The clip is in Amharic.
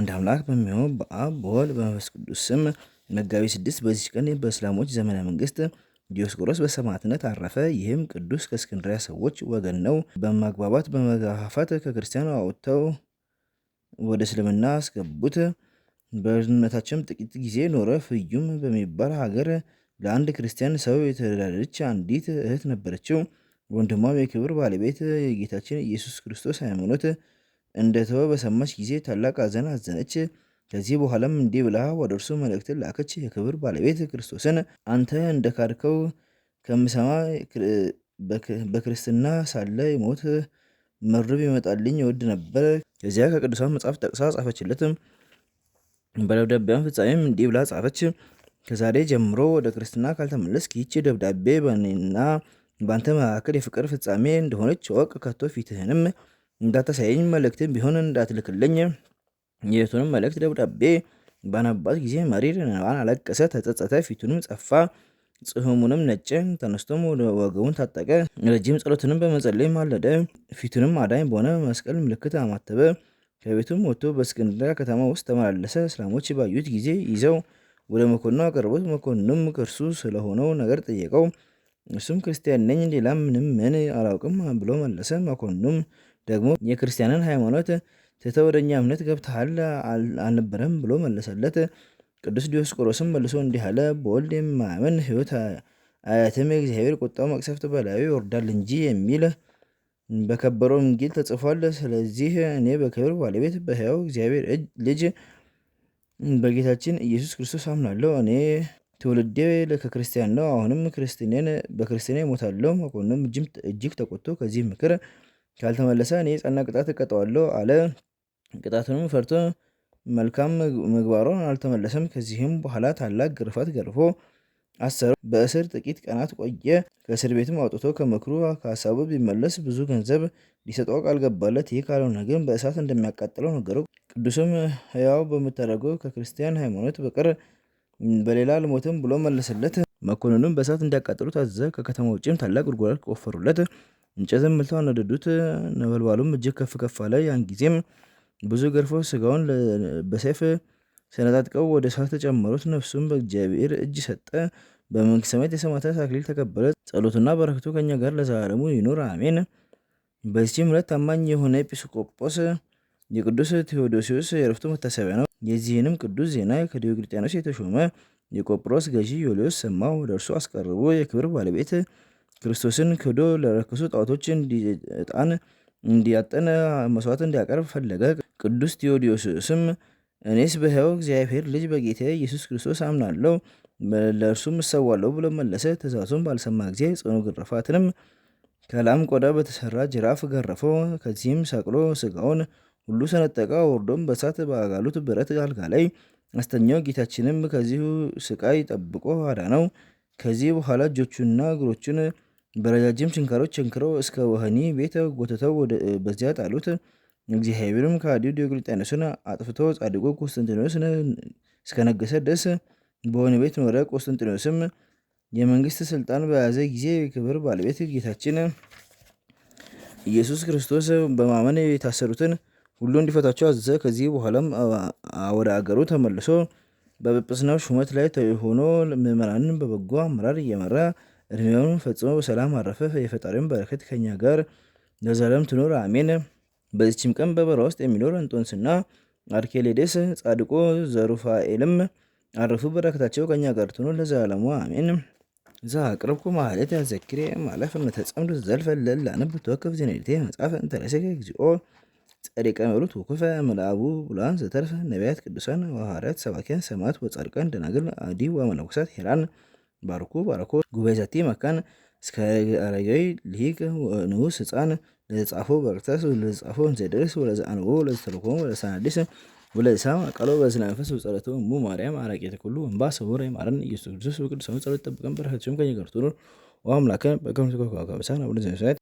አንድ አምላክ በሚሆን በአብ በወልድ በመንፈስ ቅዱስ ስም መጋቢት ስድስት በዚች ቀን በእስላሞች ዘመነ መንግስት ዲዮስቆሮስ በሰማዕትነት አረፈ። ይህም ቅዱስ ከእስክንድሪያ ሰዎች ወገን ነው። በማግባባት በመጋፋት ከክርስቲያኑ አውጥተው ወደ እስልምና አስገቡት። በድነታቸውም ጥቂት ጊዜ ኖረ። ፍዩም በሚባል ሀገር ለአንድ ክርስቲያን ሰው የተዳደች አንዲት እህት ነበረችው። ወንድሟም የክብር ባለቤት የጌታችን ኢየሱስ ክርስቶስ ሃይማኖት እንደተወ በሰማች ጊዜ ታላቅ ሐዘን አዘነች። ከዚህ በኋላም እንዲህ ብላ ወደ እርሱ መልእክትን ላከች። የክብር ባለቤት ክርስቶስን አንተ ካድከው ከምሰማ በክርስትና ሳለ የሞት መርብ ይመጣልኝ ወድ ነበር። ከዚያ ከቅዱሳን መጽሐፍ ጠቅሳ ጻፈችለትም። በደብዳቤዋም ፍጻሜም እንዲህ ብላ ጻፈች። ከዛሬ ጀምሮ ወደ ክርስትና ካልተመለስክ ይቺ ደብዳቤ በእኔና በአንተ መካከል የፍቅር ፍጻሜ እንደሆነች ወቅ ከቶ ፊትህንም እንዳታሳየኝ መልእክትን ቢሆን እንዳትልክልኝ። የቱንም መልእክት ደብዳቤ ባነባት ጊዜ መሪር እንባን አለቀሰ፣ ተጸጸተ፣ ፊቱንም ጸፋ፣ ጽሕሙንም ነጨ። ተነስቶም ወገቡን ታጠቀ፣ ረጅም ጸሎትንም በመጸለይ ማለደ። ፊቱንም አዳኝ በሆነ መስቀል ምልክት አማተበ። ከቤቱም ወጥቶ በእስክንድርያ ከተማ ውስጥ ተመላለሰ። እስላሞች ባዩት ጊዜ ይዘው ወደ መኮንኑ አቀርቦት፣ መኮንኑም ከእርሱ ስለሆነው ነገር ጠየቀው። እሱም ክርስቲያን ነኝ፣ ሌላ ምንም ምን አላውቅም ብሎ መለሰ። መኮንኑም ደግሞ የክርስቲያንን ሃይማኖት ትተ ወደ እኛ እምነት ገብተሃል አልነበረም ብሎ መለሰለት። ቅዱስ ዲዮስቆሮስም መልሶ እንዲህ አለ፣ በወልድ የማያምን ህይወት አያትም የእግዚአብሔር ቁጣው መቅሰፍት በላዩ ይወርዳል እንጂ የሚል በከበረው ወንጌል ተጽፏል። ስለዚህ እኔ በክብር ባለቤት በሕያው እግዚአብሔር ልጅ በጌታችን ኢየሱስ ክርስቶስ አምናለሁ። እኔ ትውልዴ ከክርስቲያን ነው፣ አሁንም ክርስቲኔን በክርስቲኔ እሞታለሁ። መኮንኑም እጅግ ተቆጥቶ ከዚህ ምክር ካልተመለሰ እኔ የጸና ቅጣት እቀጠዋለሁ አለ። ቅጣቱንም ፈርቶ መልካም ምግባሯን አልተመለሰም። ከዚህም በኋላ ታላቅ ግርፋት ገርፎ አሰረው። በእስር ጥቂት ቀናት ቆየ። ከእስር ቤትም አውጥቶ ከምክሩ ከሀሳቡ ቢመለስ ብዙ ገንዘብ ሊሰጠው ቃል ገባለት። ይህ ካልሆነ ግን በእሳት እንደሚያቃጥለው ነገረው። ቅዱስም ሕያው በምታደርገው ከክርስቲያን ሃይማኖት በቀር በሌላ አልሞትም ብሎ መለሰለት። መኮንኑም በእሳት እንዲያቃጥሉት አዘዘ። ከከተማ ውጭም ታላቅ ጉድጓድ ቆፈሩለት። እንጨትም ምልተው አነደዱት፣ ነበልባሉም እጅግ ከፍ ከፍ አለ። ያን ጊዜም ብዙ ገርፎ ስጋውን በሰይፍ ሰነጣጥቀው ወደ እሳት ተጨመሩት። ነፍሱም በእግዚአብሔር እጅ ሰጠ፣ በመንግሥተ የሰማዕታት አክሊል ተቀበለ። ጸሎቱና በረከቱ ከእኛ ጋር ለዘላለሙ ይኑር አሜን። በዚህም ዕለት ታማኝ የሆነ ኤጲስቆጶስ የቅዱስ ቴዎዶሲዎስ የእረፍቱ መታሰቢያ ነው። የዚህንም ቅዱስ ዜና ከዲዮቅልጥያኖስ የተሾመ የቆጵሮስ ገዢ ዮልዮስ ሰማው። ወደ እርሱ አስቀርቦ የክብር ባለቤት ክርስቶስን ክዶ ለረከሱ ጣዖቶች ዕጣን እንዲያጠን መስዋዕት እንዲያቀርብ ፈለገ። ቅዱስ ቴዎዲዮስም እኔስ በሕያው እግዚአብሔር ልጅ በጌታ ኢየሱስ ክርስቶስ አምናለሁ ለእርሱም እሰዋለሁ ብሎ መለሰ። ትእዛዙን ባልሰማ ጊዜ ጽኑ ግርፋትንም ከላም ቆዳ በተሰራ ጅራፍ ገረፈው። ከዚህም ሰቅሎ ስጋውን ሁሉ ሰነጠቀ። ወርዶም በሳት በአጋሉት ብረት አልጋ ላይ አስተኛው። ጌታችንም ከዚሁ ስቃይ ጠብቆ አዳነው። ከዚህ በኋላ እጆቹንና እግሮቹን በረጃጅም ችንካሮች ቸንክረው እስከ ወህኒ ቤት ጎትተው በዚያ ጣሉት። እግዚአብሔርም ከሃዲው ዲዮቅልጥያኖስን አጥፍቶ ጻድቁ ቆስጠንጢኖስ እስከነገሰ ድረስ በወህኒ ቤት ኖረ። ቆስጠንጢኖስም የመንግስት ስልጣን በያዘ ጊዜ ክብር ባለቤት ጌታችን ኢየሱስ ክርስቶስ በማመን የታሰሩትን ሁሉ እንዲፈታቸው አዘዘ። ከዚህ በኋላም ወደ አገሩ ተመልሶ በጵጵስናው ሹመት ላይ ሆኖ ምዕመናንን በበጎ አመራር እየመራ እድሜውን ፈጽሞ በሰላም አረፈ። የፈጣሪውን በረከት ከኛ ጋር ለዘላለም ትኖር አሜን። በዚችም ቀን በበራ ውስጥ የሚኖር እንጦንስና አርኬሌዴስ ጻድቆ ዘሩፋኤልም አረፉ። በረከታቸው ከኛ ጋር ትኖር ለዘላለሙ አሜን። ዛ አቅርብኩ ማለት ያዘክሬ ማለፍ እምነተጸምዱ ዘልፈ ለላ ተወክፍ ዜናዴቴ መጽሐፍ እንተረሰከ እግዚኦ ጸሪቀ መሉት ወኩፈ መልአቡ ብሏን ዘተርፈ ነቢያት ቅዱሳን ሐዋርያት ሰባኪያን ሰማት ወጻድቀን ደናግል አዲ ወመነኮሳት ሄራን ባርኩ ባርኮ ጉባኤ መካን እስከ አረጋዊ ሊቅ ንዑስ ህፃን ለተጻፎ በርክተስ ለተጻፎ ዘደርስ ወለዘአንቦ ወለዘተርኮሞ ወለዘሳናዲስ ወለዘሳም አቃሎ በስነ መንፈስ በጸሎቱ እሙ ማርያም አራቄተ ኩሉ እምባ ሰውረ ማረን ኢየሱስ ክርስቶስ በቅዱሳኑ ጸሎት ጠብቀን በረከታቸውም ከኛ ጋር ትኑር። አምላከን በከምቱ ከዋጋ አቡነ ዘበሰማያት